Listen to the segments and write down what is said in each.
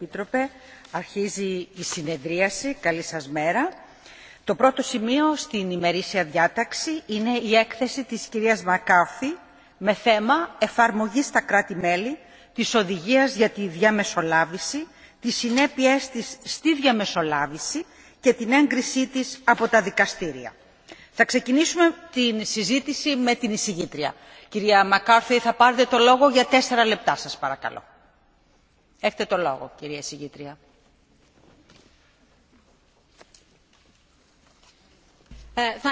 Επίτροπε, αρχίζει η συνεδρίαση. Καλή σας μέρα. Το πρώτο σημείο στην ημερήσια διάταξη είναι η έκθεση της κυρίας Μακάρθη με θέμα εφαρμογή στα κράτη-μέλη της οδηγίας για τη διαμεσολάβηση, τις συνέπειές της στη διαμεσολάβηση και την έγκρισή της από τα δικαστήρια. Θα ξεκινήσουμε την συζήτηση με την εισηγήτρια. Κυρία Μακάρθη, θα πάρετε το λόγο για τέσσερα λεπτά σας παρακαλώ. Έχετε το λόγο, κυρία Συγγήτρια. Ε,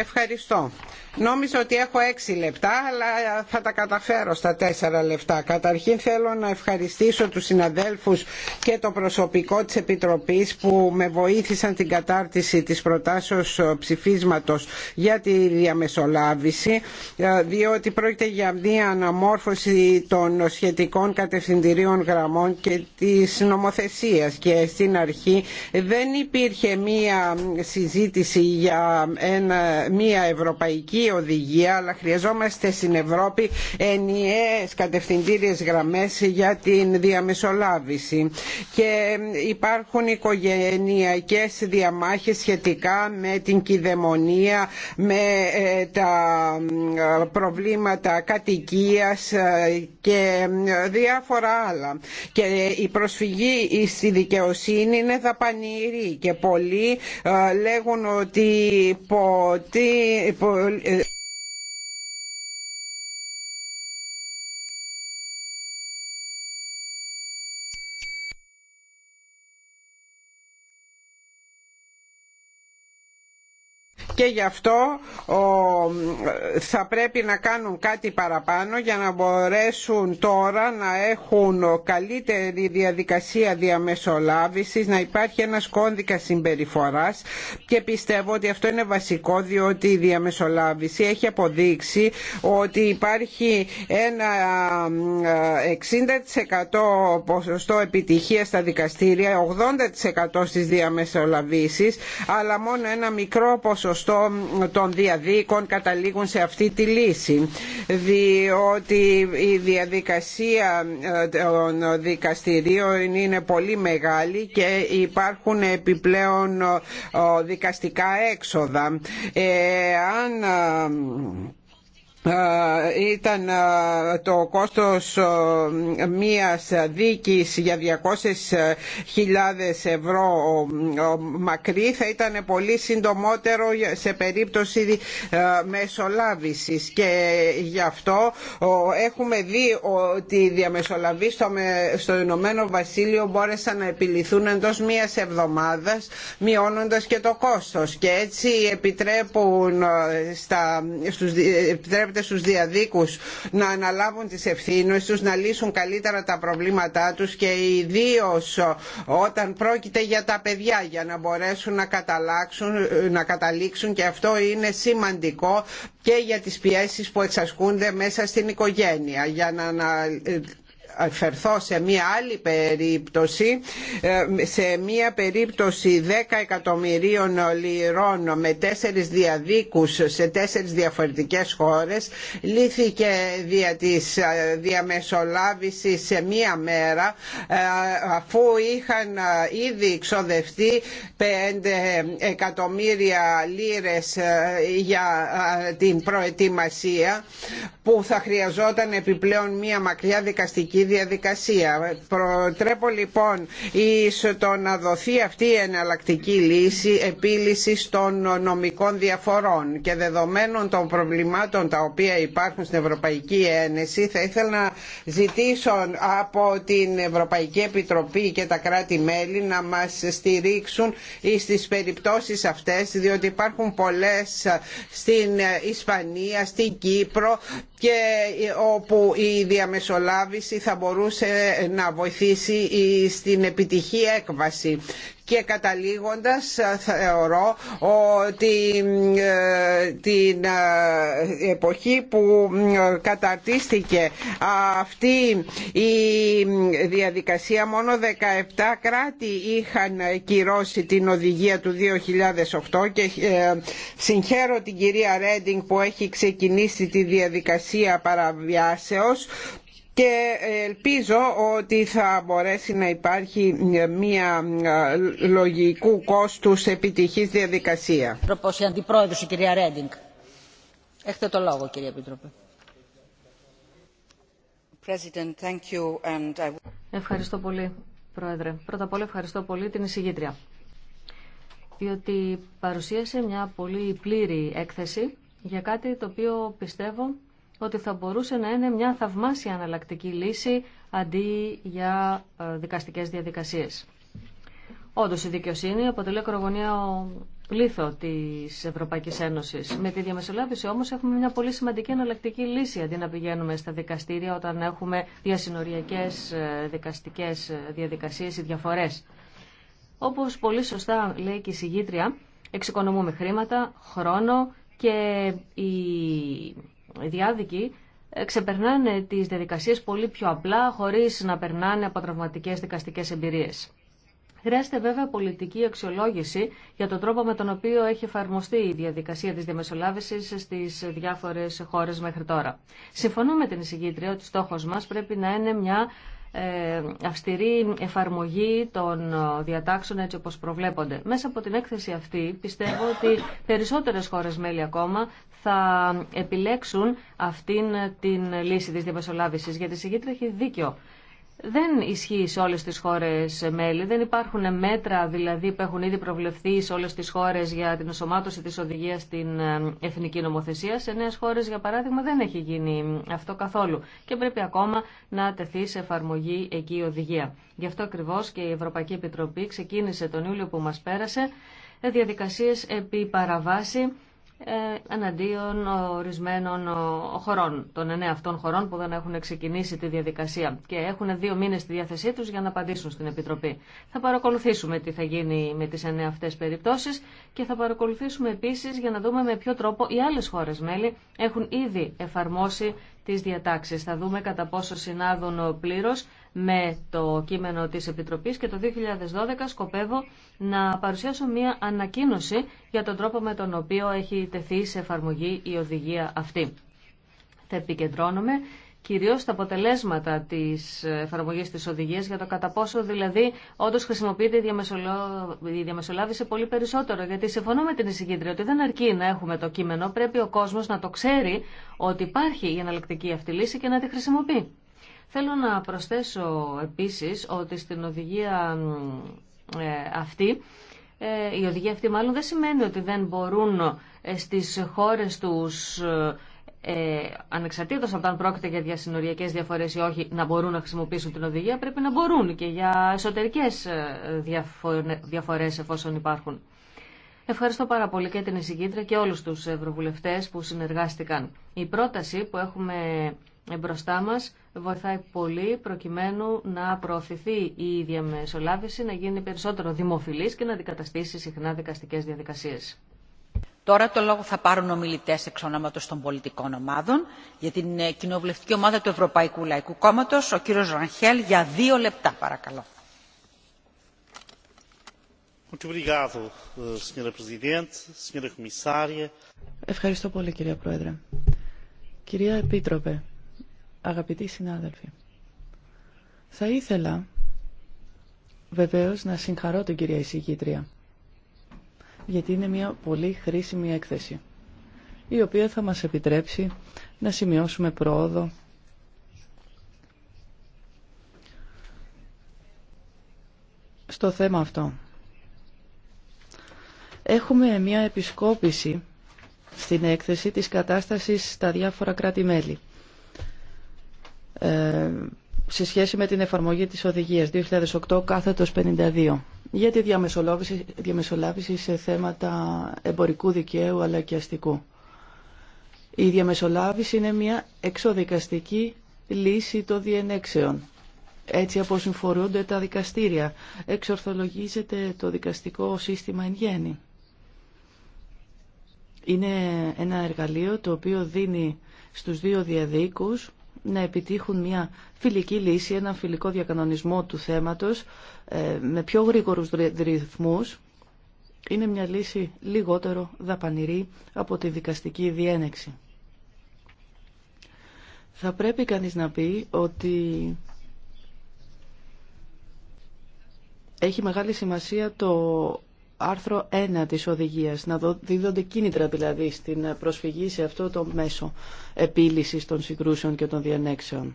Ευχαριστώ. Νόμιζα ότι έχω έξι λεπτά, αλλά θα τα καταφέρω στα τέσσερα λεπτά. Καταρχήν θέλω να ευχαριστήσω τους συναδέλφους και το προσωπικό της Επιτροπής που με βοήθησαν την κατάρτιση της προτάσεως ε, ψηφίσματος για τη διαμεσολάβηση, ε, διότι πρόκειται για μια αναμόρφωση των σχετικών κατευθυντηρίων γραμμών και της νομοθεσίας. Και στην αρχή δεν υπήρχε μια συζήτηση συζήτηση για μια ευρωπαϊκή οδηγία αλλά χρειαζόμαστε στην Ευρώπη ενιαίες κατευθυντήριες γραμμές για την διαμεσολάβηση και υπάρχουν οικογενειακές διαμάχες σχετικά με την κυδαιμονία, με ε, τα προβλήματα κατοικίας ε, και διάφορα άλλα και η προσφυγή στη δικαιοσύνη είναι δαπανηρή και πολλοί ε, λέγουν ότι ποτέ. Πο, και γι' αυτό θα πρέπει να κάνουν κάτι παραπάνω για να μπορέσουν τώρα να έχουν καλύτερη διαδικασία διαμεσολάβησης, να υπάρχει ένα κώδικας συμπεριφοράς και πιστεύω ότι αυτό είναι βασικό διότι η διαμεσολάβηση έχει αποδείξει ότι υπάρχει ένα 60% ποσοστό επιτυχία στα δικαστήρια, 80% στις διαμεσολαβήσεις αλλά μόνο ένα μικρό ποσοστό ποσοστό των διαδίκων καταλήγουν σε αυτή τη λύση διότι η διαδικασία ε, των δικαστηρίων είναι πολύ μεγάλη και υπάρχουν επιπλέον ε, δικαστικά έξοδα. Ε, αν ήταν το κόστος μίας δίκης για 200.000 ευρώ μακρύ θα ήταν πολύ συντομότερο σε περίπτωση μεσολάβησης και γι' αυτό έχουμε δει ότι οι διαμεσολαβείς στο Ηνωμένο Βασίλειο μπόρεσαν να επιληθούν εντός μίας εβδομάδας μειώνοντας και το κόστος και έτσι επιτρέπουν στους, επιτρέπουν στους διαδίκους να αναλάβουν τις ευθύνες τους, να λύσουν καλύτερα τα προβλήματά τους και ιδίω όταν πρόκειται για τα παιδιά για να μπορέσουν να, καταλάξουν, να καταλήξουν και αυτό είναι σημαντικό και για τις πιέσεις που εξασκούνται μέσα στην οικογένεια για να Φερθώ σε μια άλλη περίπτωση ε, σε μια περίπτωση 10 εκατομμυρίων λιρών με τέσσερις διαδίκους σε τέσσερις διαφορετικές χώρες λύθηκε δια της ε, διαμεσολάβησης σε μια μέρα ε, αφού είχαν ήδη εξοδευτεί 5 εκατομμύρια λίρες για την προετοιμασία που θα χρειαζόταν επιπλέον μια μακριά δικαστική διαδικασία. Προτρέπω λοιπόν εις το να δοθεί αυτή η εναλλακτική λύση επίλυση των νομικών διαφορών και δεδομένων των προβλημάτων τα οποία υπάρχουν στην Ευρωπαϊκή Ένωση θα ήθελα να ζητήσω από την Ευρωπαϊκή Επιτροπή και τα κράτη-μέλη να μας στηρίξουν στις περιπτώσεις αυτές διότι υπάρχουν πολλές στην Ισπανία, στην Κύπρο και όπου η διαμεσολάβηση θα μπορούσε να βοηθήσει στην επιτυχή έκβαση και καταλήγοντας ε, θεωρώ ότι ε, την ε, εποχή που καταρτίστηκε αυτή η διαδικασία μόνο 17 κράτη είχαν κυρώσει την οδηγία του 2008 και συγχαίρω την κυρία Ρέντινγκ που έχει ξεκινήσει τη διαδικασία παραβιάσεως και ελπίζω ότι θα μπορέσει να υπάρχει μια λογικού κόστους επιτυχής διαδικασία. Αντιπρόεδρος, κυρία Ρέντινγκ. Έχετε το λόγο, Επίτροπε. Ευχαριστώ πολύ, Πρόεδρε. Πρώτα απ' όλα ευχαριστώ πολύ την εισηγήτρια, διότι παρουσίασε μια πολύ πλήρη έκθεση για κάτι το οποίο πιστεύω ότι θα μπορούσε να είναι μια θαυμάσια αναλλακτική λύση αντί για ε, δικαστικές διαδικασίες. Όντως η δικαιοσύνη αποτελεί ακρογωνία πλήθο της Ευρωπαϊκής Ένωσης. Με τη διαμεσολάβηση όμως έχουμε μια πολύ σημαντική αναλλακτική λύση αντί να πηγαίνουμε στα δικαστήρια όταν έχουμε διασυνοριακές ε, δικαστικές ε, διαδικασίες ή διαφορές. Όπως πολύ σωστά λέει και η συγγήτρια, εξοικονομούμε χρήματα, χρόνο και η διάδικοι ε, ξεπερνάνε τις διαδικασίες πολύ πιο απλά, χωρίς να περνάνε από τραυματικές δικαστικές εμπειρίες. Χρειάζεται βέβαια πολιτική αξιολόγηση για τον τρόπο με τον οποίο έχει εφαρμοστεί η διαδικασία της διαμεσολάβησης στις διάφορες χώρες μέχρι τώρα. Συμφωνώ με την εισηγήτρια ότι στόχος μας πρέπει να είναι μια ε, αυστηρή εφαρμογή των ε, διατάξεων έτσι όπως προβλέπονται. Μέσα από την έκθεση αυτή πιστεύω ότι περισσότερες χώρες μέλη ακόμα θα επιλέξουν αυτήν την λύση της διαμεσολάβησης γιατί η συγκήτρια έχει δίκιο δεν ισχύει σε όλες τις χώρες μέλη. Δεν υπάρχουν μέτρα δηλαδή που έχουν ήδη προβλεφθεί σε όλες τις χώρες για την οσομάτωση της οδηγίας στην ε, εθνική νομοθεσία. Σε νέες χώρες για παράδειγμα δεν έχει γίνει αυτό καθόλου και πρέπει ακόμα να τεθεί σε εφαρμογή εκεί η οδηγία. Γι' αυτό ακριβώ και η Ευρωπαϊκή Επιτροπή ξεκίνησε τον Ιούλιο που μας πέρασε διαδικασίες επί παραβάση ε, εναντίον ορισμένων χωρών, των εννέα αυτών χωρών που δεν έχουν ξεκινήσει τη διαδικασία και έχουν δύο μήνες στη διάθεσή τους για να απαντήσουν στην Επιτροπή. Θα παρακολουθήσουμε τι θα γίνει με τις εννέα αυτές περιπτώσεις και θα παρακολουθήσουμε επίσης για να δούμε με ποιο τρόπο οι άλλες χώρες μέλη έχουν ήδη εφαρμόσει τις διατάξεις. Θα δούμε κατά πόσο συνάδουν πλήρως με το κείμενο της Επιτροπής και το 2012 σκοπεύω να παρουσιάσω μια ανακοίνωση για τον τρόπο με τον οποίο έχει τεθεί σε εφαρμογή η οδηγία αυτή. Θα επικεντρώνομαι κυρίως τα αποτελέσματα της εφαρμογής της οδηγίας για το κατά πόσο δηλαδή όντως χρησιμοποιείται η διαμεσολάβηση πολύ περισσότερο. Γιατί συμφωνώ με την εισηγήτρια ότι δεν αρκεί να έχουμε το κείμενο, πρέπει ο κόσμος να το ξέρει ότι υπάρχει η εναλλακτική αυτή λύση και να τη χρησιμοποιεί. Θέλω να προσθέσω επίσης ότι στην οδηγία ε, αυτή ε, η οδηγία αυτή μάλλον δεν σημαίνει ότι δεν μπορούν ε, στις χώρες τους ε, ανεξαρτήτως από αν πρόκειται για διασυνοριακές διαφορές ή όχι, να μπορούν να χρησιμοποιήσουν την οδηγία, πρέπει να μπορούν και για εσωτερικές ε, διαφορές εφόσον υπάρχουν. Ευχαριστώ πάρα πολύ και την εισηγήτρια και όλους τους ευρωβουλευτές που συνεργάστηκαν. Η πρόταση που έχουμε μπροστά μας βοηθάει πολύ προκειμένου να προωθηθεί η διαμεσολάβηση, να γίνει περισσότερο δημοφιλής και να αντικαταστήσει συχνά δικαστικές διαδικασίες. Τώρα το λόγο θα πάρουν ομιλητέ εξ ονόματο των πολιτικών ομάδων. Για την ε, κοινοβουλευτική ομάδα του Ευρωπαϊκού Λαϊκού Κόμματο, ο κύριο Ρανχέλ, για δύο λεπτά, παρακαλώ. Eh, Ευχαριστώ πολύ, κυρία Πρόεδρε. Κυρία Επίτροπε, αγαπητοί συνάδελφοι, θα ήθελα βεβαίως να συγχαρώ την κυρία εισηγήτρια γιατί είναι μια πολύ χρήσιμη έκθεση, η οποία θα μας επιτρέψει να σημειώσουμε πρόοδο στο θέμα αυτό. Έχουμε μια επισκόπηση στην έκθεση της κατάστασης στα διάφορα κράτη-μέλη. Ε, σε σχέση με την εφαρμογή της οδηγίας 2008 κάθετος 52 για τη διαμεσολάβηση, σε θέματα εμπορικού δικαίου αλλά και αστικού. Η διαμεσολάβηση είναι μια εξοδικαστική λύση των διενέξεων. Έτσι αποσυμφορούνται τα δικαστήρια. Εξορθολογίζεται το δικαστικό σύστημα εν γέννη. Είναι ένα εργαλείο το οποίο δίνει στους δύο διαδίκους να επιτύχουν μια φιλική λύση, ένα φιλικό διακανονισμό του θέματος ε, με πιο γρήγορους ρυθμούς. Είναι μια λύση λιγότερο δαπανηρή από τη δικαστική διένεξη. Θα πρέπει κανείς να πει ότι έχει μεγάλη σημασία το άρθρο 1 της οδηγίας, να δίδονται κίνητρα δηλαδή στην προσφυγή σε αυτό το μέσο επίλυσης των συγκρούσεων και των διανέξεων.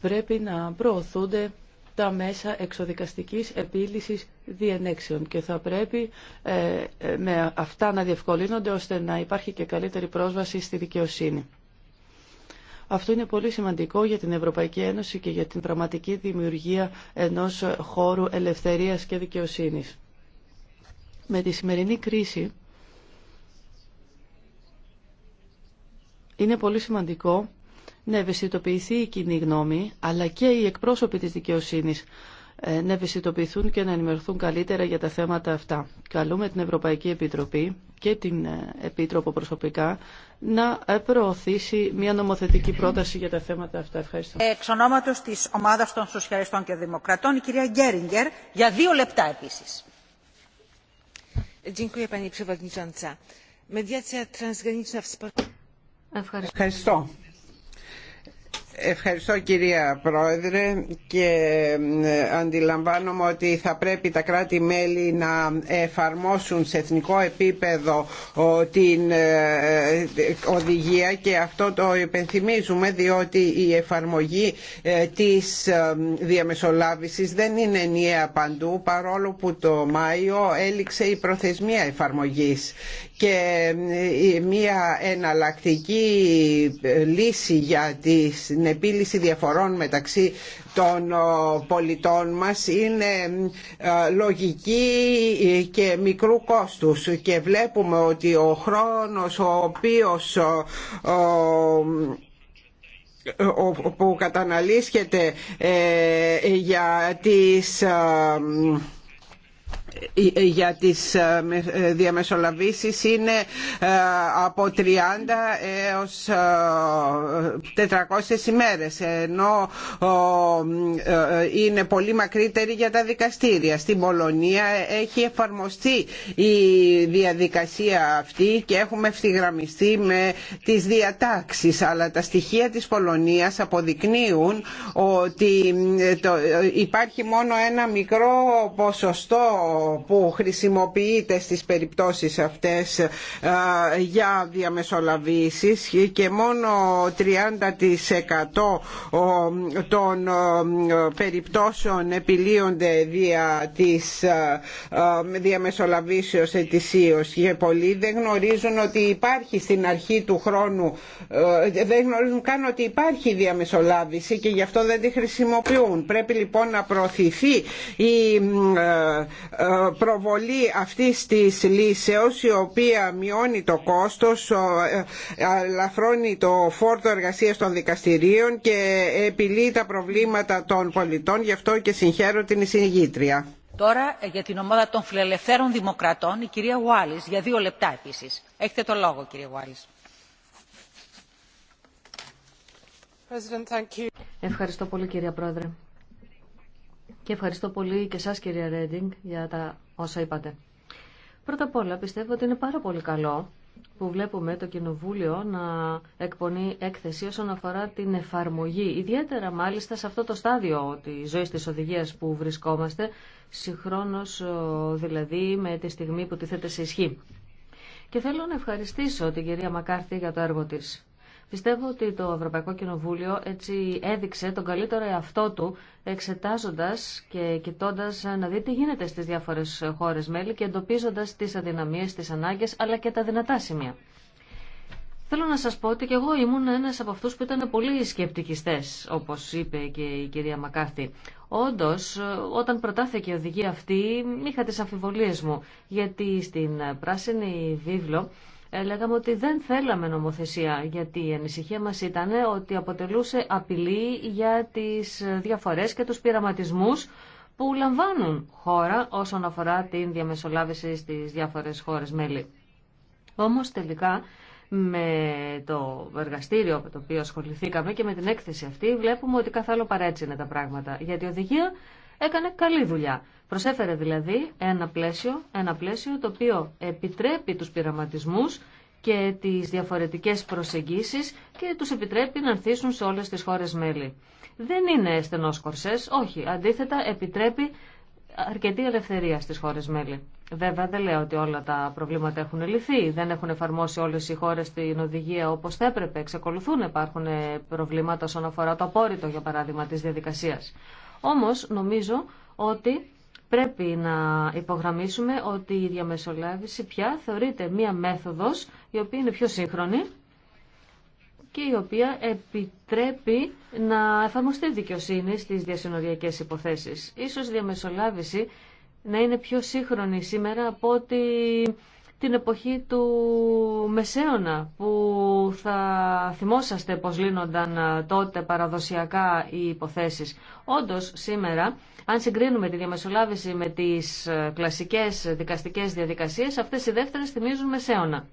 Πρέπει να προωθούνται τα μέσα εξοδικαστικής επίλυσης διενέξεων και θα πρέπει ε, ε, με αυτά να διευκολύνονται ώστε να υπάρχει και καλύτερη πρόσβαση στη δικαιοσύνη. Αυτό είναι πολύ σημαντικό για την Ευρωπαϊκή Ένωση και για την πραγματική δημιουργία ενός χώρου ελευθερίας και δικαιοσύνης. Με τη σημερινή κρίση είναι πολύ σημαντικό να ευαισθητοποιηθεί η κοινή γνώμη, αλλά και οι εκπρόσωποι της δικαιοσύνης ε, να ευαισθητοποιηθούν και να ενημερωθούν καλύτερα για τα θέματα αυτά. Καλούμε την Ευρωπαϊκή Επιτροπή και την ε, Επίτροπο προσωπικά να ε, προωθήσει μια νομοθετική πρόταση για τα θέματα αυτά. Ευχαριστώ. Εξ ονόματος της ομάδας των Σοσιαλιστών και Δημοκρατών, η κυρία Γκέριγκερ, για δύο λεπτά επίσης. Ευχαριστώ. Ευχαριστώ. Ευχαριστώ κυρία Πρόεδρε και αντιλαμβάνομαι ότι θα πρέπει τα κράτη-μέλη να εφαρμόσουν σε εθνικό επίπεδο την ε, ε, οδηγία και αυτό το υπενθυμίζουμε διότι η εφαρμογή ε, της διαμεσολάβησης δεν είναι ενιαία παντού παρόλο που το Μάιο έληξε η προθεσμία εφαρμογής και ε, μια εναλλακτική ε, λύση για την επίλυση διαφορών μεταξύ των πολιτών μας είναι ε, λογική και μικρού κόστους και βλέπουμε ότι ο χρόνος ο οποίος που καταναλύσκεται για τις ε, ε, για τις ε, διαμεσολαβήσεις είναι από 30 έως 400 ημέρες ενώ είναι πολύ μακρύτερη για τα δικαστήρια. Στην Πολωνία έχει εφαρμοστεί η διαδικασία αυτή και έχουμε ευθυγραμμιστεί με τις διατάξεις αλλά τα στοιχεία της Πολωνίας αποδεικνύουν ότι υπάρχει μόνο ένα μικρό ποσοστό που χρησιμοποιείται στις περιπτώσεις αυτές ε, για διαμεσολαβήσεις και μόνο 30% των ε, περιπτώσεων επιλύονται δια της ε, διαμεσολαβήσεως ετησίως και πολλοί δεν γνωρίζουν ότι υπάρχει στην αρχή του χρόνου δεν γνωρίζουν καν ότι υπάρχει διαμεσολάβηση και γι' αυτό δεν τη χρησιμοποιούν. Πρέπει λοιπόν να προωθηθεί η προβολή αυτής της λύσεως η οποία μειώνει το κόστος, ε, αλαφρώνει το φόρτο εργασίας των δικαστηρίων και επιλύει τα προβλήματα των πολιτών. Γι' αυτό και συγχαίρω την συγγήτρια. Τώρα ε, για την ομάδα των φιλελευθέρων δημοκρατών η κυρία Γουάλης για δύο λεπτά επίσης. Έχετε το λόγο κύριε Γουάλης. Ευχαριστώ πολύ κυρία Πρόεδρε. Και ευχαριστώ πολύ και εσά, κυρία Ρέντινγκ για τα όσα είπατε. Πρώτα απ' όλα πιστεύω ότι είναι πάρα πολύ καλό που βλέπουμε το Κοινοβούλιο να εκπονεί έκθεση όσον αφορά την εφαρμογή. Ιδιαίτερα μάλιστα σε αυτό το στάδιο τη ζωή της οδηγίας που βρισκόμαστε, συγχρόνω, δηλαδή με τη στιγμή που θέτε σε ισχύ. Και θέλω να ευχαριστήσω την κυρία Μακάρθη για το έργο της. Πιστεύω ότι το Ευρωπαϊκό Κοινοβούλιο έτσι έδειξε τον καλύτερο εαυτό του εξετάζοντας και κοιτώντας να δει τι γίνεται στις διάφορες χώρες μέλη και εντοπίζοντας τις αδυναμίες, τις ανάγκες αλλά και τα δυνατά σημεία. Θέλω να σας πω ότι και εγώ ήμουν ένας από αυτούς που ήταν πολύ σκεπτικιστές, όπως είπε και η κυρία Μακάρθη. Όντως, όταν προτάθηκε η οδηγία αυτή, είχα τις αμφιβολίες μου, γιατί στην πράσινη βίβλο λέγαμε ότι δεν θέλαμε νομοθεσία γιατί η ανησυχία μας ήταν ότι αποτελούσε απειλή για τις διαφορές και τους πειραματισμούς που λαμβάνουν χώρα όσον αφορά την διαμεσολάβηση στις διάφορες χώρες μέλη. Όμως τελικά με το εργαστήριο με το οποίο ασχοληθήκαμε και με την έκθεση αυτή βλέπουμε ότι καθ' άλλο παρέτσι τα πράγματα. Γιατί οδηγία έκανε καλή δουλειά. Προσέφερε δηλαδή ένα πλαίσιο, ένα πλαίσιο το οποίο επιτρέπει τους πειραματισμούς και τις διαφορετικές προσεγγίσεις και τους επιτρέπει να ανθίσουν σε όλες τις χώρες μέλη. Δεν είναι στενός κορσές, όχι, αντίθετα επιτρέπει αρκετή ελευθερία στις χώρες μέλη. Βέβαια δεν λέω ότι όλα τα προβλήματα έχουν λυθεί, δεν έχουν εφαρμόσει όλες οι χώρες την οδηγία όπως θα έπρεπε, εξακολουθούν υπάρχουν προβλήματα όσον αφορά το απόρριτο για παράδειγμα της διαδικασίας. Όμως νομίζω ότι πρέπει να υπογραμμίσουμε ότι η διαμεσολάβηση πια θεωρείται μία μέθοδος η οποία είναι πιο σύγχρονη και η οποία επιτρέπει να εφαρμοστεί δικαιοσύνη στις διασυνοριακές υποθέσεις. Ίσως η διαμεσολάβηση να είναι πιο σύγχρονη σήμερα από ότι την εποχή του Μεσαίωνα που θα θυμόσαστε πως λύνονταν ε, τότε παραδοσιακά οι υποθέσεις. Όντως σήμερα αν συγκρίνουμε τη διαμεσολάβηση με τις ε, κλασικές δικαστικές διαδικασίες αυτές οι δεύτερες θυμίζουν Μεσαίωνα.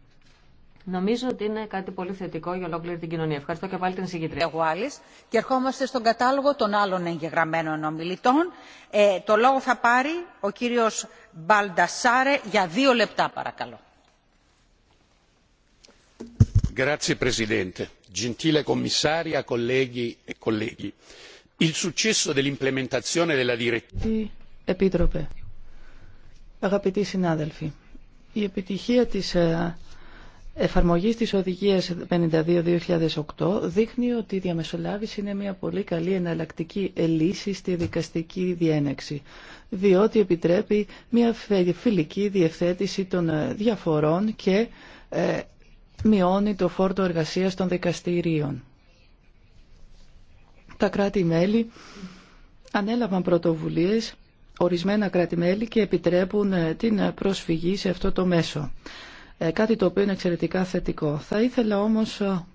Νομίζω ότι είναι κάτι πολύ θετικό για ολόκληρη την κοινωνία. Ευχαριστώ και πάλι την συγκεντρία Εγώ Άλης, και ερχόμαστε στον κατάλογο των άλλων εγγεγραμμένων ομιλητών. Ε, το λόγο θα πάρει ο κύριος Μπαλντασάρε για δύο λεπτά παρακαλώ. Grazie Presidente, gentile commissaria, colleghi e colleghi. Il successo dell'implementazione della direttiva. Επίτροπε, αγαπητοί συνάδελφοι, η επιτυχία της ε, εφαρμογή της οδηγίας 52-2008 δείχνει ότι η διαμεσολάβηση είναι μια πολύ καλή εναλλακτική λύση στη δικαστική διένεξη, διότι επιτρέπει μια φιλική διευθέτηση των ε, διαφορών και ε, μειώνει το φόρτο εργασίας των δικαστηρίων. Τα κράτη-μέλη ανέλαβαν πρωτοβουλίες, ορισμένα κράτη-μέλη και επιτρέπουν ε, την προσφυγή σε αυτό το μέσο. Ε, κάτι το οποίο είναι εξαιρετικά θετικό. Θα ήθελα όμως ε,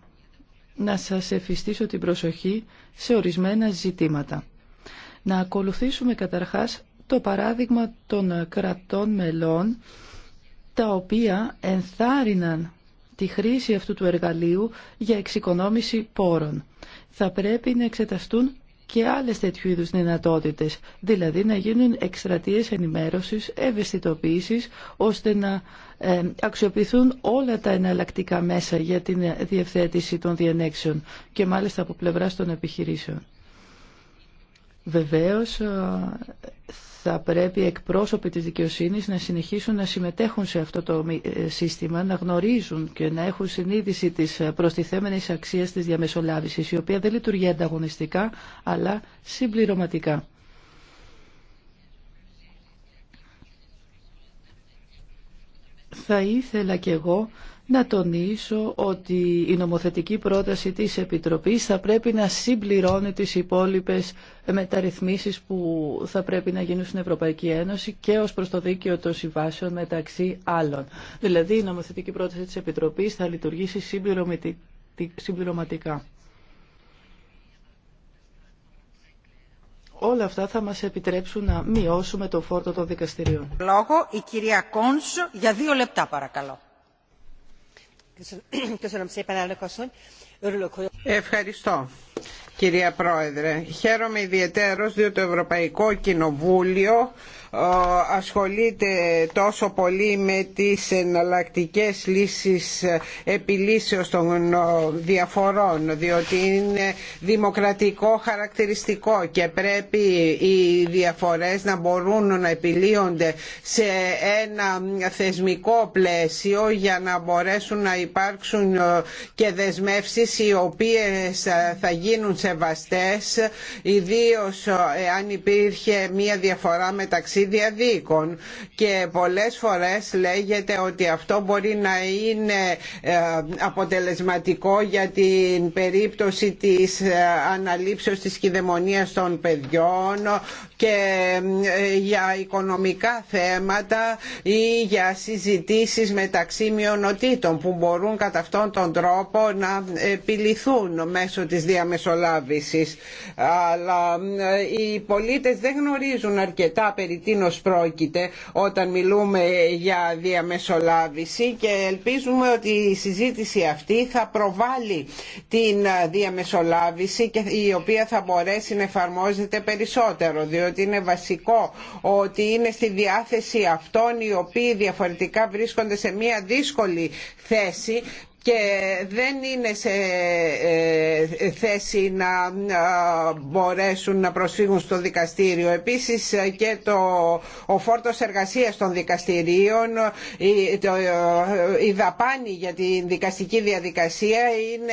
να σας εφιστήσω την προσοχή σε ορισμένα ζητήματα. Να ακολουθήσουμε καταρχάς το παράδειγμα των κρατών μελών τα οποία ενθάρρυναν τη χρήση αυτού του εργαλείου για εξοικονόμηση πόρων. Θα πρέπει να εξεταστούν και άλλες τέτοιου είδους δυνατότητες, δηλαδή να γίνουν εκστρατείες ενημέρωσης, ευαισθητοποίησης, ώστε να ε, αξιοποιηθούν όλα τα εναλλακτικά μέσα για την διευθέτηση των διενέξεων και μάλιστα από πλευράς των επιχειρήσεων. Βεβαίως ε, θα πρέπει εκπρόσωποι της δικαιοσύνης να συνεχίσουν να συμμετέχουν σε αυτό το ε, σύστημα, να γνωρίζουν και να έχουν συνείδηση της προστιθέμενης αξίας της διαμεσολάβησης, η οποία δεν λειτουργεί ανταγωνιστικά, αλλά συμπληρωματικά. Θα ήθελα κι εγώ να τονίσω ότι η νομοθετική πρόταση της Επιτροπής θα πρέπει να συμπληρώνει τις υπόλοιπες μεταρρυθμίσεις που θα πρέπει να γίνουν στην Ευρωπαϊκή Ένωση και ως προς το δίκαιο των συμβάσεων μεταξύ άλλων. Δηλαδή η νομοθετική πρόταση της Επιτροπής θα λειτουργήσει συμπληρωματικά. Όλα αυτά θα μας επιτρέψουν να μειώσουμε το φόρτο των δικαστηρίων. Λόγο η κυρία Κόνσο για δύο λεπτά παρακαλώ. Ευχαριστώ κυρία Πρόεδρε. Χαίρομαι ιδιαίτερος διότι το Ευρωπαϊκό Κοινοβούλιο ε, ασχολείται τόσο πολύ με τις εναλλακτικέ λύσεις ε, επιλύσεως των ε, διαφορών διότι είναι δημοκρατικό χαρακτηριστικό και πρέπει οι διαφορές να μπορούν να επιλύονται σε ένα θεσμικό πλαίσιο για να μπορέσουν να υπάρξουν και δεσμεύσεις οι οποίες θα γίνουν σε σεβαστές ιδίως εάν υπήρχε μία διαφορά μεταξύ διαδίκων και πολλές φορές λέγεται ότι αυτό μπορεί να είναι ε, αποτελεσματικό για την περίπτωση της ε, αναλήψεως της κυδαιμονίας των παιδιών και ε, για οικονομικά θέματα ή για συζητήσεις μεταξύ μειονοτήτων που μπορούν κατά αυτόν τον τρόπο να επιληθούν μέσω της διαμεσολάβησης αλλά ε, οι πολίτες δεν γνωρίζουν αρκετά περί τίνος πρόκειται όταν μιλούμε για διαμεσολάβηση και ελπίζουμε ότι η συζήτηση αυτή θα προβάλλει την ε, διαμεσολάβηση και η οποία θα μπορέσει να εφαρμόζεται περισσότερο διότι είναι βασικό ότι είναι στη διάθεση αυτών οι οποίοι διαφορετικά βρίσκονται σε μια δύσκολη θέση και δεν είναι σε ε, θέση να μπορέσουν να προσφύγουν στο δικαστήριο. Επίσης ε, και το, ο φόρτος εργασίας των δικαστηρίων, η, ε, η δαπάνη για την δικαστική διαδικασία είναι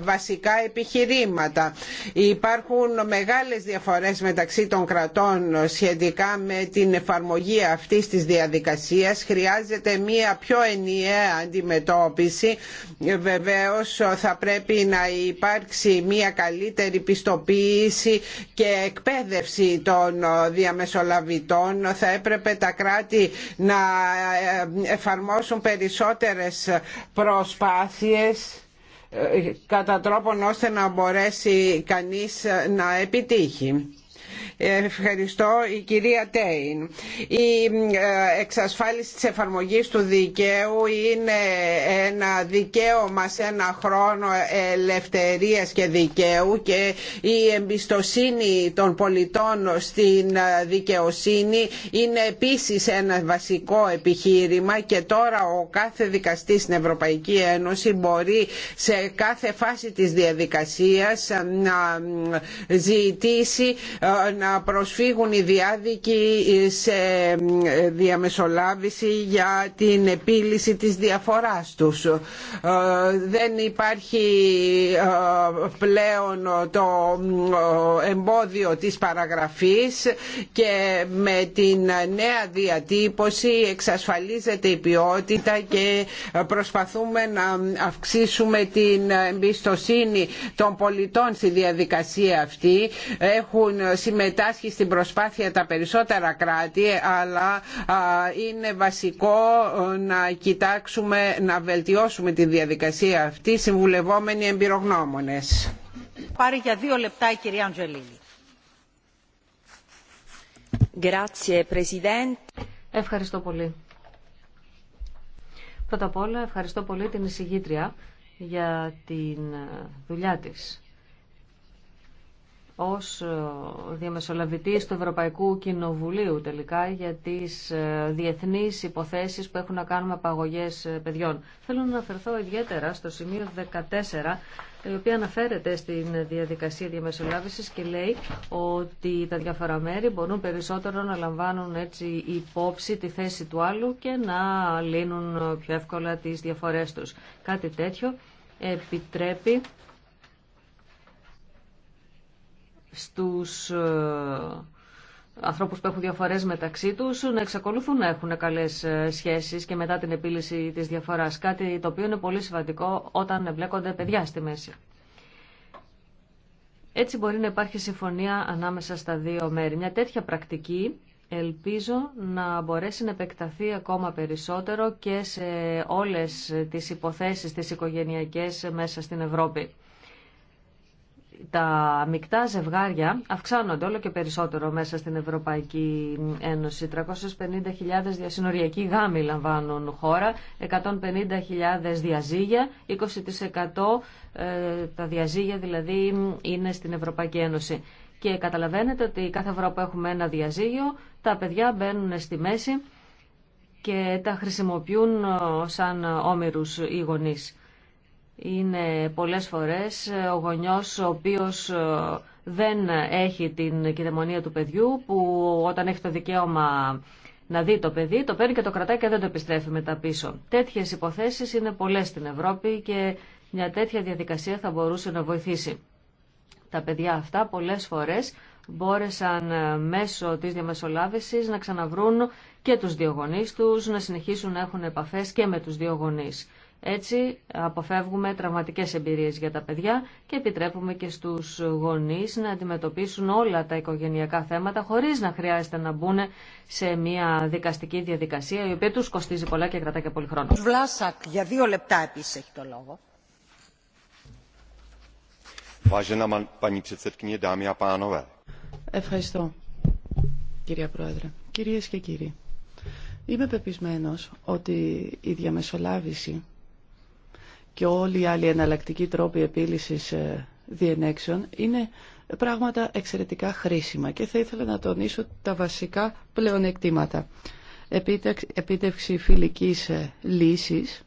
βασικά επιχειρήματα. Υπάρχουν μεγάλες διαφορές μεταξύ των κρατών σχετικά με την εφαρμογή αυτής της διαδικασίας. Χρειάζεται μια πιο ενιαία αντιμετώπιση ε, βεβαίως θα πρέπει να υπάρξει μια καλύτερη πιστοποίηση και εκπαίδευση των διαμεσολαβητών. Θα έπρεπε τα κράτη να ε, εφαρμόσουν περισσότερες προσπάθειες ε, κατά τρόπον ώστε να μπορέσει κανείς να επιτύχει. Ευχαριστώ. Η κυρία Τέιν. Η ε, εξασφάλιση της εφαρμογής του δικαίου είναι ένα δικαίωμα σε ένα χρόνο ελευθερίας και δικαίου και η εμπιστοσύνη των πολιτών στην ε, δικαιοσύνη είναι επίσης ένα βασικό επιχείρημα και τώρα ο κάθε δικαστής στην Ευρωπαϊκή Ένωση μπορεί σε κάθε φάση της διαδικασίας να ζητήσει ε, να να προσφύγουν οι διάδικοι σε διαμεσολάβηση για την επίλυση της διαφοράς τους. Ε, δεν υπάρχει ε, πλέον το ε, εμπόδιο της παραγραφής και με την νέα διατύπωση εξασφαλίζεται η ποιότητα και προσπαθούμε να αυξήσουμε την εμπιστοσύνη των πολιτών στη διαδικασία αυτή. Έχουν συμμετέχει συμμετάσχει στην προσπάθεια τα περισσότερα κράτη αλλά είναι βασικό να κοιτάξουμε να βελτιώσουμε τη διαδικασία αυτή συμβουλευόμενοι εμπειρογνώμονες. Πάρει για δύο λεπτά κυρία Ευχαριστώ πολύ. Πρώτα απ' όλα ευχαριστώ πολύ την εισηγήτρια για την δουλειά της ως ε, διαμεσολαβητής του Ευρωπαϊκού Κοινοβουλίου τελικά για τις ε, διεθνείς υποθέσεις που έχουν να κάνουν με απαγωγές ε, παιδιών. Θέλω να αναφερθώ ιδιαίτερα στο σημείο 14, η οποία αναφέρεται στην διαδικασία διαμεσολάβησης και λέει ότι τα διάφορα μέρη μπορούν περισσότερο να λαμβάνουν έτσι υπόψη τη θέση του άλλου και να λύνουν πιο εύκολα τις διαφορές τους. Κάτι τέτοιο επιτρέπει στους ε, ανθρώπους που έχουν διαφορές μεταξύ τους να εξακολουθούν να έχουν καλές ε, σχέσεις και μετά την επίλυση της διαφοράς. Κάτι το οποίο είναι πολύ σημαντικό όταν εμπλέκονται παιδιά στη μέση. Έτσι μπορεί να υπάρχει συμφωνία ανάμεσα στα δύο μέρη. Μια τέτοια πρακτική ελπίζω να μπορέσει να επεκταθεί ακόμα περισσότερο και σε όλες τις υποθέσεις τις οικογενειακές μέσα στην Ευρώπη τα μεικτά ζευγάρια αυξάνονται όλο και περισσότερο μέσα στην Ευρωπαϊκή Ένωση. 350.000 διασυνοριακοί γάμοι λαμβάνουν χώρα, 150.000 διαζύγια, 20% ε, τα διαζύγια δηλαδή είναι στην Ευρωπαϊκή Ένωση. Και καταλαβαίνετε ότι κάθε φορά που έχουμε ένα διαζύγιο, τα παιδιά μπαίνουν στη μέση και τα χρησιμοποιούν ε, σαν όμοιρους οι γονείς είναι πολλές φορές ο γονιός ο οποίος ε, δεν έχει την κυδαιμονία του παιδιού που όταν έχει το δικαίωμα να δει το παιδί, το παίρνει και το κρατάει και δεν το επιστρέφει μετά πίσω. Τέτοιες υποθέσεις είναι πολλές στην Ευρώπη και μια τέτοια διαδικασία θα μπορούσε να βοηθήσει. Τα παιδιά αυτά πολλές φορές μπόρεσαν ε, μέσω της διαμεσολάβησης να ξαναβρούν και τους δύο γονείς τους, να συνεχίσουν να έχουν επαφές και με τους δύο γονείς. Έτσι αποφεύγουμε τραυματικές εμπειρίες για τα παιδιά και επιτρέπουμε και στους γονείς να αντιμετωπίσουν όλα τα οικογενειακά θέματα χωρίς να χρειάζεται να μπουν σε μια δικαστική διαδικασία η οποία τους κοστίζει πολλά και κρατά και πολύ χρόνο. Βλάσακ, για δύο λεπτά επίσης έχει το λόγο. Ευχαριστώ, κυρία Πρόεδρε. Κυρίες και κύριοι, είμαι πεπισμένος ότι η διαμεσολάβηση και όλοι οι άλλοι εναλλακτικοί τρόποι επίλυσης ε, διενέξεων είναι πράγματα εξαιρετικά χρήσιμα και θα ήθελα να τονίσω τα βασικά πλεονεκτήματα. Επίτευξη φιλικής ε, λύσης,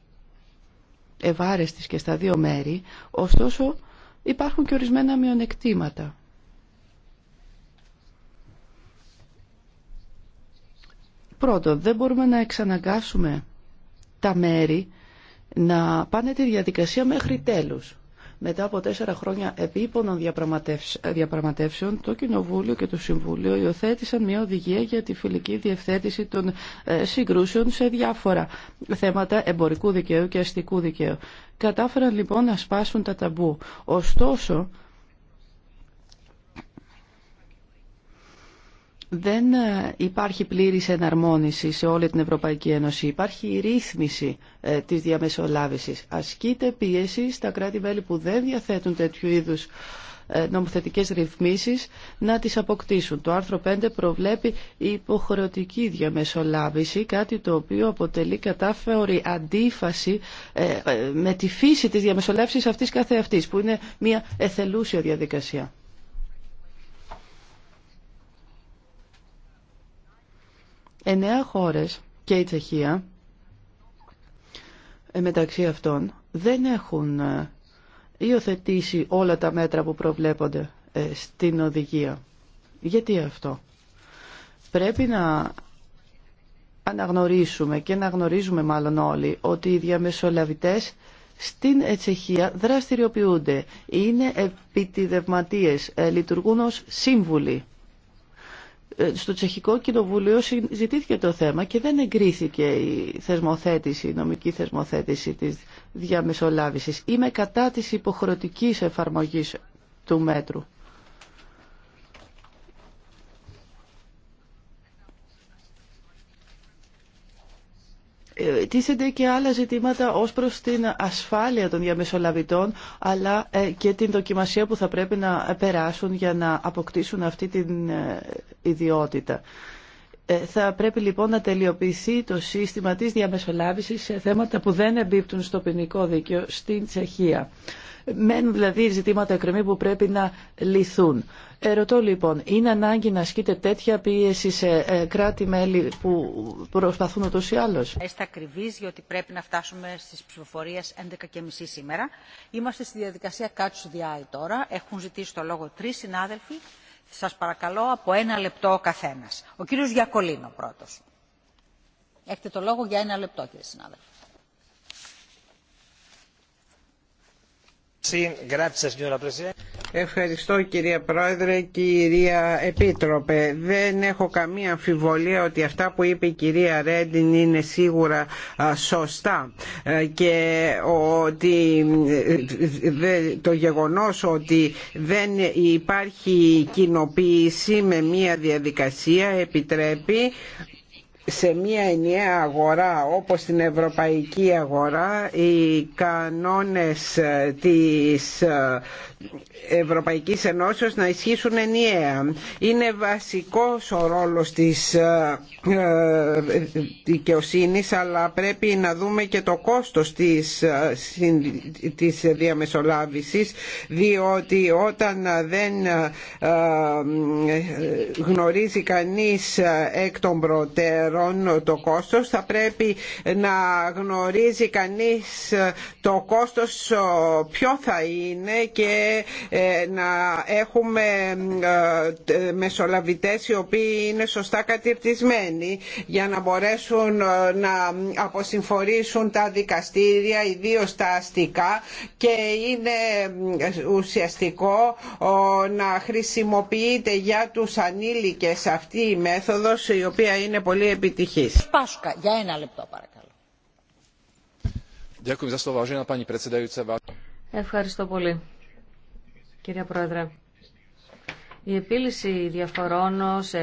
ευάρεστης και στα δύο μέρη, ωστόσο υπάρχουν και ορισμένα μειονεκτήματα. Πρώτον, δεν μπορούμε να εξαναγκάσουμε τα μέρη να πάνε τη διαδικασία μέχρι τέλους. Μετά από τέσσερα χρόνια επίπονων διαπραγματεύσεων, το Κοινοβούλιο και το Συμβούλιο υιοθέτησαν μια οδηγία για τη φιλική διευθέτηση των ε, συγκρούσεων σε διάφορα θέματα εμπορικού δικαίου και αστικού δικαίου. Κατάφεραν λοιπόν να σπάσουν τα ταμπού. Ωστόσο, δεν ε, υπάρχει πλήρης εναρμόνιση σε όλη την Ευρωπαϊκή Ένωση. Υπάρχει η ρύθμιση ε, της διαμεσολάβησης. Ασκείται πίεση στα κράτη-μέλη που δεν διαθέτουν τέτοιου είδους ε, νομοθετικές ρυθμίσεις να τις αποκτήσουν. Το άρθρο 5 προβλέπει υποχρεωτική διαμεσολάβηση, κάτι το οποίο αποτελεί κατάφεωρη αντίφαση με τη φύση της διαμεσολάβησης αυτής καθεαυτής, που είναι μια εθελούσια διαδικασία. εννέα χώρες και η Τσεχία ε, μεταξύ αυτών δεν έχουν ε, υιοθετήσει όλα τα μέτρα που προβλέπονται ε, στην οδηγία. Γιατί αυτό. Πρέπει να αναγνωρίσουμε και να γνωρίζουμε μάλλον όλοι ότι οι διαμεσολαβητές στην Τσεχία δραστηριοποιούνται, είναι επιτιδευματίες, λειτουργούν ως σύμβουλοι ε, στο Τσεχικό Κοινοβούλιο συζητήθηκε το θέμα και δεν εγκρίθηκε η θεσμοθέτηση, νομική θεσμοθέτηση της διαμεσολάβησης. Είμαι κατά της υποχρεωτικής εφαρμογής του μέτρου. Ε, τίθενται και άλλα ζητήματα ως προς την ασφάλεια των διαμεσολαβητών αλλά ε, και την δοκιμασία που θα πρέπει να περάσουν για να αποκτήσουν αυτή την ε, ιδιότητα. Ε, θα πρέπει λοιπόν να τελειοποιηθεί το σύστημα της διαμεσολάβησης σε θέματα που δεν εμπίπτουν στο ποινικό δίκαιο στην Τσεχία. Μένουν δηλαδή ζητήματα εκκρεμή που πρέπει να λυθούν. Ερωτώ λοιπόν, είναι ανάγκη να ασκείται τέτοια πίεση σε ε, κράτη-μέλη που προσπαθούν ούτως ή άλλως. Είστε ακριβείς, διότι πρέπει να φτάσουμε στις ψηφοφορίες 11.30 σήμερα. Είμαστε στη διαδικασία κάτσου διάει τώρα. Έχουν ζητήσει το λόγο τρεις συνάδελφοι. Σας παρακαλώ από ένα λεπτό ο καθένας. Ο κύριος Γιακολίνο πρώτος. Έχετε το λόγο για ένα λεπτό κύριε συνάδελφε. Ευχαριστώ κυρία Πρόεδρε, κυρία Επίτροπε. Δεν έχω καμία αμφιβολία ότι αυτά που είπε η κυρία Ρέντιν είναι σίγουρα σωστά ε, και ότι ε, το γεγονός ότι δεν υπάρχει κοινοποίηση με μία διαδικασία επιτρέπει σε μια ενιαία αγορά όπως την ευρωπαϊκή αγορά οι κανόνες της Ευρωπαϊκής Ενώσεως να ισχύσουν ενιαία. Είναι βασικός ο ρόλος της ε, δικαιοσύνη, αλλά πρέπει να δούμε και το κόστος της, ε, της διαμεσολάβησης διότι όταν δεν ε, γνωρίζει κανείς εκ των προτέρων κόστος. Θα πρέπει να γνωρίζει κανείς το κόστος ποιο θα είναι και ε, να έχουμε ε, μεσολαβητές οι οποίοι είναι σωστά κατηρτισμένοι για να μπορέσουν ε, να αποσυμφορήσουν τα δικαστήρια, ιδίω τα αστικά και είναι ουσιαστικό να χρησιμοποιείται για τους ανήλικες αυτή η μέθοδος η οποία είναι πολύ για ένα λεπτό παρακαλώ. Ευχαριστώ πολύ, κύριε Πρόεδρε. Η επίλυση διαφορών σε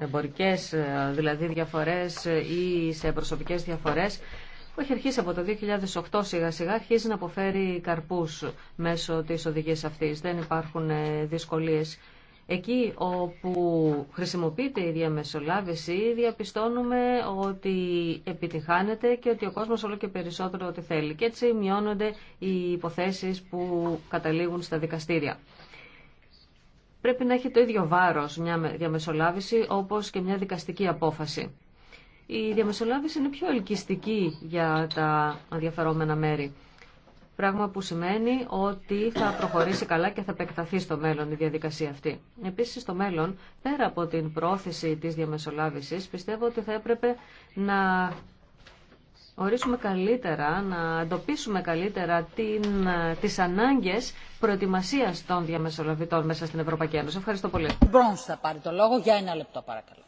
εμπορικές δηλαδή διαφορές ή σε προσωπικές διαφορές που έχει αρχίσει από το 2008 σιγά σιγά αρχίζει να αποφέρει καρπούς μέσω της οδηγίας αυτής. Δεν υπάρχουν ε, δυσκολίες. Εκεί όπου χρησιμοποιείται η διαμεσολάβηση διαπιστώνουμε ότι επιτυχάνεται και ότι ο κόσμος όλο και περισσότερο ό,τι θέλει. Και έτσι μειώνονται οι υποθέσεις που καταλήγουν στα δικαστήρια. Πρέπει να έχει το ίδιο βάρος μια διαμεσολάβηση όπως και μια δικαστική απόφαση. Η διαμεσολάβηση είναι πιο ελκυστική για τα ενδιαφερόμενα μέρη. Πράγμα που σημαίνει ότι θα προχωρήσει καλά και θα επεκταθεί στο μέλλον η διαδικασία αυτή. Επίση, στο μέλλον, πέρα από την πρόθεση τη διαμεσολάβηση, πιστεύω ότι θα έπρεπε να ορίσουμε καλύτερα, να εντοπίσουμε καλύτερα την, τις ανάγκες προετοιμασίας των διαμεσολαβητών μέσα στην Ευρωπαϊκή Ένωση. Ευχαριστώ πολύ. Μπρόνς θα πάρει το λόγο για ένα λεπτό παρακαλώ.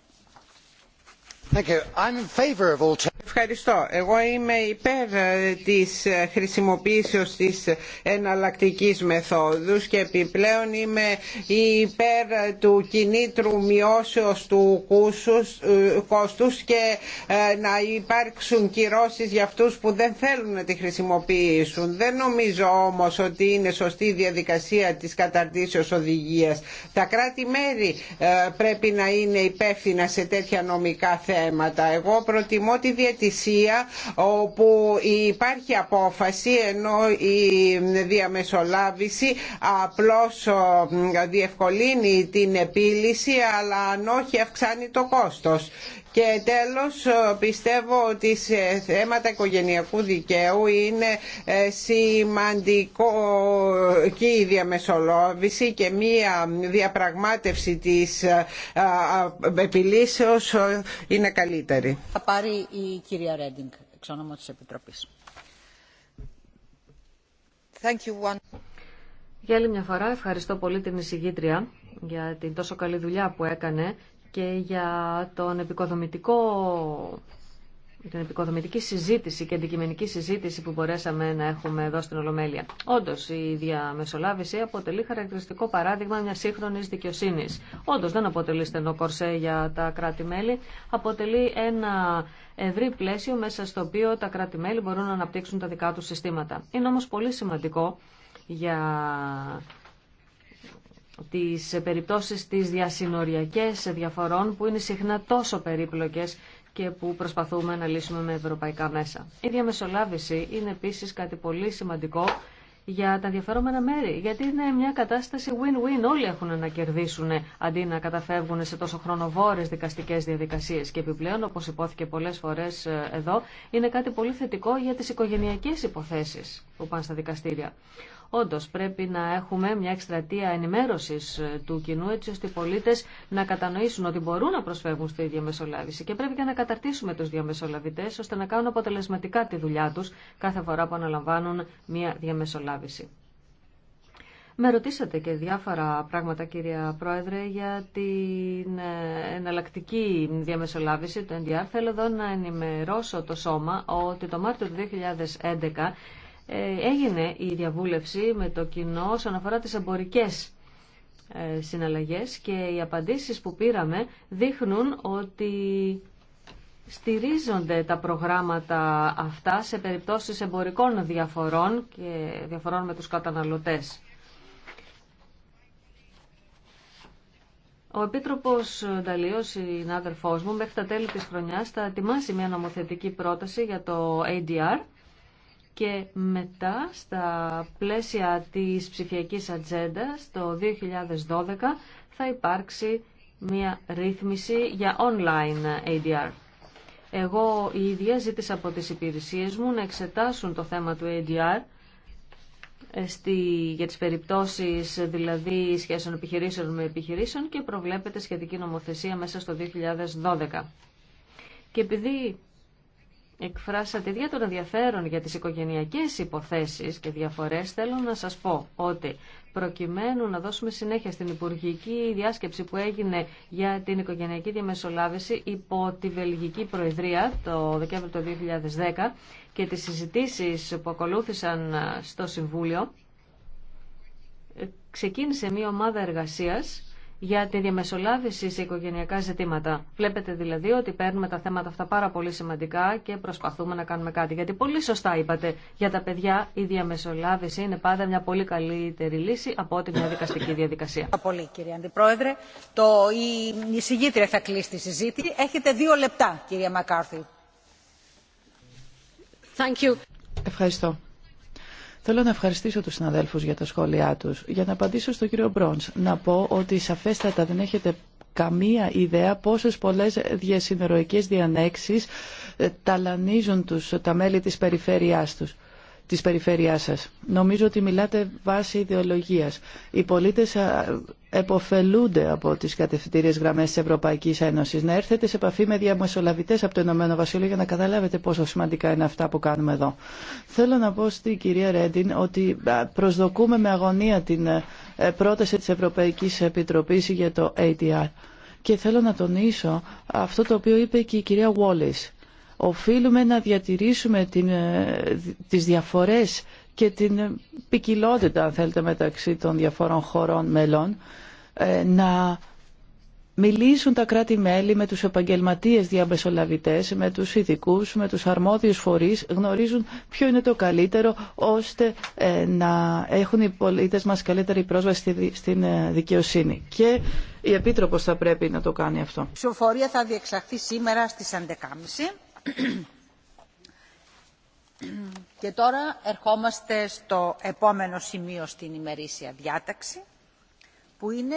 Ευχαριστώ. Εγώ είμαι υπέρ ε, της ε, χρησιμοποίησης της εναλλακτικής μεθόδου και επιπλέον είμαι υπέρ ε, του κινήτρου μειώσεως του κούσους, κόστους και να υπάρξουν κυρώσεις για αυτούς που δεν θέλουν να τη χρησιμοποιήσουν. Δεν νομίζω όμως ότι είναι σωστή η διαδικασία της καταρτήσεως οδηγίας. Τα κράτη-μέρη πρέπει να είναι υπεύθυνα σε τέτοια νομικά θέματα θέματα. Εγώ προτιμώ τη διατησία όπου υπάρχει απόφαση ενώ η διαμεσολάβηση απλώς διευκολύνει την επίλυση αλλά αν όχι αυξάνει το κόστος. Και τέλος ε, πιστεύω ότι σε θέματα οικογενειακού δικαίου είναι ε, σημαντικό ε, και η διαμεσολόβηση και μία διαπραγμάτευση της επιλύσεως είναι καλύτερη. Θα πάρει η κυρία Ρέντινγκ, εξ όνομα της Επιτροπής. Για άλλη μια φορά ευχαριστώ πολύ την εισηγήτρια για την τόσο καλή δουλειά που έκανε και για τον επικοδομητικό την επικοδομητική συζήτηση και αντικειμενική συζήτηση που μπορέσαμε να έχουμε εδώ στην Ολομέλεια. Όντω, η διαμεσολάβηση αποτελεί χαρακτηριστικό παράδειγμα μια σύγχρονη δικαιοσύνη. Όντω, δεν αποτελεί στενό κορσέ για τα κράτη-μέλη. Αποτελεί ένα ευρύ πλαίσιο μέσα στο οποίο τα κράτη-μέλη μπορούν να αναπτύξουν τα δικά του συστήματα. Είναι όμω πολύ σημαντικό για τις περιπτώσεις τις διασυνοριακές διαφορών που είναι συχνά τόσο περίπλοκες και που προσπαθούμε να λύσουμε με ευρωπαϊκά μέσα. Η διαμεσολάβηση είναι επίσης κάτι πολύ σημαντικό για τα ενδιαφερόμενα μέρη, γιατί είναι μια κατάσταση win-win. Όλοι έχουν να κερδίσουν αντί να καταφεύγουν σε τόσο χρονοβόρες δικαστικές διαδικασίες. Και επιπλέον, όπως υπόθηκε πολλές φορές ε, εδώ, είναι κάτι πολύ θετικό για τις οικογενειακές υποθέσεις που πάνε στα δικαστήρια. Όντω πρέπει να έχουμε μια εκστρατεία ενημέρωση ε, του κοινού έτσι ώστε οι πολίτε να κατανοήσουν ότι μπορούν να προσφεύγουν στη διαμεσολάβηση και πρέπει και να καταρτήσουμε του διαμεσολαβητέ ώστε να κάνουν αποτελεσματικά τη δουλειά του κάθε φορά που αναλαμβάνουν μια διαμεσολάβηση. Με ρωτήσατε και διάφορα πράγματα, κυρία Πρόεδρε, για την ε, εναλλακτική διαμεσολάβηση του NDR. Θέλω εδώ να ενημερώσω το Σώμα ότι το Μάρτιο του 2011 ε, έγινε η διαβούλευση με το κοινό όσον αφορά τις εμπορικές ε, συναλλαγές και οι απαντήσεις που πήραμε δείχνουν ότι στηρίζονται τα προγράμματα αυτά σε περιπτώσεις εμπορικών διαφορών και διαφορών με τους καταναλωτές. Ο Επίτροπος Νταλίος, συνάδελφό μου, μέχρι τα τέλη της χρονιάς θα ετοιμάσει μια νομοθετική πρόταση για το ADR και μετά στα πλαίσια της ψηφιακής ατζέντα το 2012 θα υπάρξει μια ρύθμιση για online ADR. Εγώ η ίδια ζήτησα από τις υπηρεσίες μου να εξετάσουν το θέμα του ADR ε, στη, για τις περιπτώσεις δηλαδή σχέσεων επιχειρήσεων με επιχειρήσεων και προβλέπεται σχετική νομοθεσία μέσα στο 2012. Και επειδή εκφράσατε ιδιαίτερο ενδιαφέρον για τις οικογενειακές υποθέσεις και διαφορές, θέλω να σας πω ότι προκειμένου να δώσουμε συνέχεια στην υπουργική διάσκεψη που έγινε για την οικογενειακή διαμεσολάβηση υπό τη Βελγική Προεδρία το Δεκέμβριο του 2010 και τις συζητήσεις που ακολούθησαν στο Συμβούλιο, ξεκίνησε μια ομάδα εργασίας για τη διαμεσολάβηση σε οικογενειακά ζητήματα. Βλέπετε δηλαδή ότι παίρνουμε τα θέματα αυτά πάρα πολύ σημαντικά και προσπαθούμε να κάνουμε κάτι. Γιατί πολύ σωστά είπατε, για τα παιδιά η διαμεσολάβηση είναι πάντα μια πολύ καλύτερη λύση από ότι μια δικαστική διαδικασία. Πολύ κύριε Αντιπρόεδρε. Το, η εισηγήτρια θα κλείσει τη συζήτηση. Έχετε δύο λεπτά κυρία Μακάρθη. Ευχαριστώ. Θέλω να ευχαριστήσω τους συναδέλφους για τα σχόλιά τους. Για να απαντήσω στον κύριο Μπρόντς, να πω ότι σαφέστατα δεν έχετε καμία ιδέα πόσες πολλές διασυνεροϊκές διανέξεις ε, ταλανίζουν τους, τα μέλη της περιφέρειάς τους της περιφέρειάς σας. Νομίζω ότι μιλάτε βάσει ιδεολογίας. Οι πολίτες εποφελούνται από τις κατευθυντήριες γραμμές της Ευρωπαϊκής Ένωσης. Να έρθετε σε επαφή με διαμεσολαβητές από το Ηνωμένο Βασίλειο για να καταλάβετε πόσο σημαντικά είναι αυτά που κάνουμε εδώ. Θέλω να πω στην κυρία Ρέντιν ότι προσδοκούμε με αγωνία την ε, πρόταση της Ευρωπαϊκής Επιτροπής για το ADR. Και θέλω να τονίσω αυτό το οποίο είπε και η κυρία Wallis οφείλουμε να διατηρήσουμε την, ε, τις διαφορές και την ποικιλότητα, αν θέλετε, μεταξύ των διαφορών χωρών μελών, ε, να μιλήσουν τα κράτη-μέλη με τους επαγγελματίες διαμεσολαβητές, με τους ειδικού, με τους αρμόδιους φορείς, γνωρίζουν ποιο είναι το καλύτερο, ώστε ε, να έχουν οι πολίτες μας καλύτερη πρόσβαση στην δικαιοσύνη. Και η Επίτροπος θα πρέπει να το κάνει αυτό. Η ψηφοφορία θα διεξαχθεί σήμερα στις 11.30. Και τώρα ερχόμαστε στο επόμενο σημείο στην ημερήσια διάταξη, που είναι